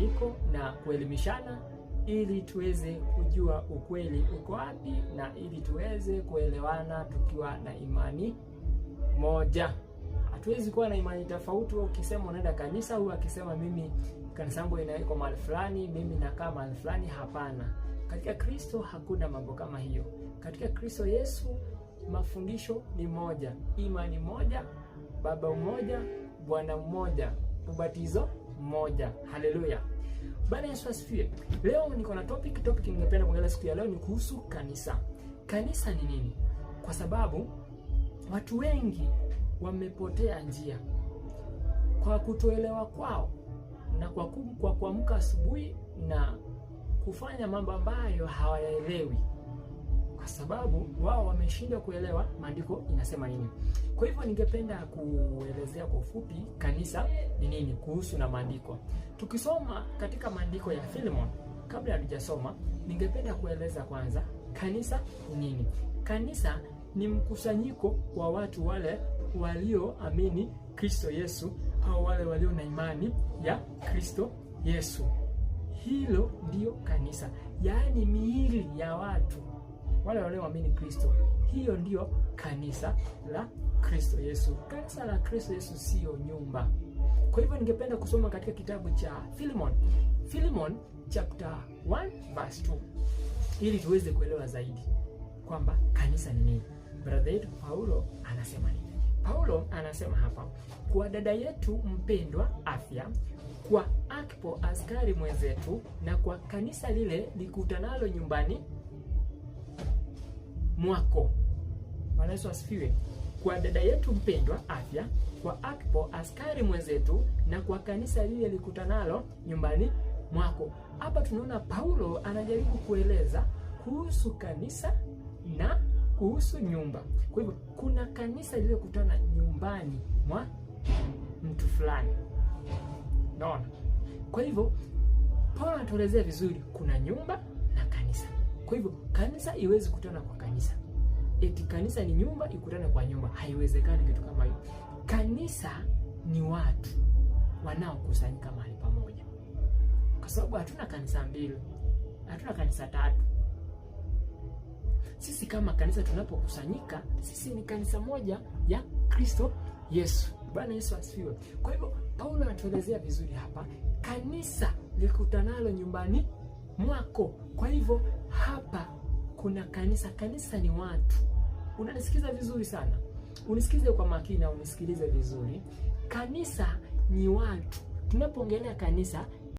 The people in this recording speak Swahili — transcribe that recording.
maandiko na kuelimishana ili tuweze kujua ukweli uko wapi na ili tuweze kuelewana tukiwa na imani moja. Hatuwezi kuwa na imani tofauti. Wewe ukisema unaenda kanisa, huyu akisema mimi kanisa langu inaiko mahali fulani, mimi nakaa mahali fulani. Hapana, katika Kristo hakuna mambo kama hiyo. Katika Kristo Yesu mafundisho ni moja, imani moja, Baba mmoja, Bwana mmoja ubatizo mmoja. Haleluya. Bwana Yesu asifiwe. Leo niko na topic, topic ningependa kuongelea siku ya leo ni kuhusu kanisa. Kanisa ni nini? Kwa sababu watu wengi wamepotea njia kwa kutoelewa kwao na kwa kuamka asubuhi na kufanya mambo ambayo hawayaelewi kwa sababu wao wameshindwa kuelewa maandiko inasema nini. Kwa hivyo ningependa kuelezea kwa ufupi kanisa ni nini kuhusu na maandiko. Tukisoma katika maandiko ya Filemon, kabla hatujasoma, ningependa kueleza kwanza kanisa ni nini. Kanisa ni mkusanyiko wa watu wale walioamini Kristo Yesu au wale walio na imani ya Kristo Yesu. Hilo ndiyo kanisa, yaani miili ya watu wale walioamini Kristo. Hiyo ndiyo kanisa la Kristo Yesu. Kanisa la Kristo Yesu siyo nyumba. Kwa hivyo ningependa kusoma katika kitabu cha filimon filimon chapter 1 verse 2, ili tuweze kuelewa zaidi kwamba kanisa ni nini. Brother yetu Paulo anasema nini? Paulo anasema hapa, kwa dada yetu mpendwa afya kwa Akipo askari mwenzetu, na kwa kanisa lile likutanalo nyumbani mwako. Bwana Yesu asifiwe. Kwa dada yetu mpendwa Afya, kwa Akpo askari mwenzetu, na kwa kanisa lile likutanalo nyumbani mwako. Hapa tunaona Paulo anajaribu kueleza kuhusu kanisa na kuhusu nyumba. Kwa hivyo kuna kanisa lililokutana nyumbani mwa mtu fulani, naona. Kwa hivyo Paulo anatuelezea vizuri, kuna nyumba na kanisa. Kwa hivyo kanisa iwezi kutana kwa kanisa, eti kanisa ni nyumba ikutane kwa nyumba, haiwezekani kitu kama hiyo. Kanisa ni watu wanaokusanyika mahali pamoja, kwa sababu hatuna kanisa mbili, hatuna kanisa tatu. Sisi kama kanisa tunapokusanyika, sisi ni kanisa moja ya Kristo Yesu. Bwana Yesu asifiwe. Kwa hivyo Paulo anatuelezea vizuri hapa, kanisa likutanalo nyumbani mwako. Kwa hivyo hapa kuna kanisa. Kanisa ni watu. Unanisikiza vizuri sana, unisikize kwa makini na unisikilize vizuri. Kanisa ni watu. Tunapoongelea kanisa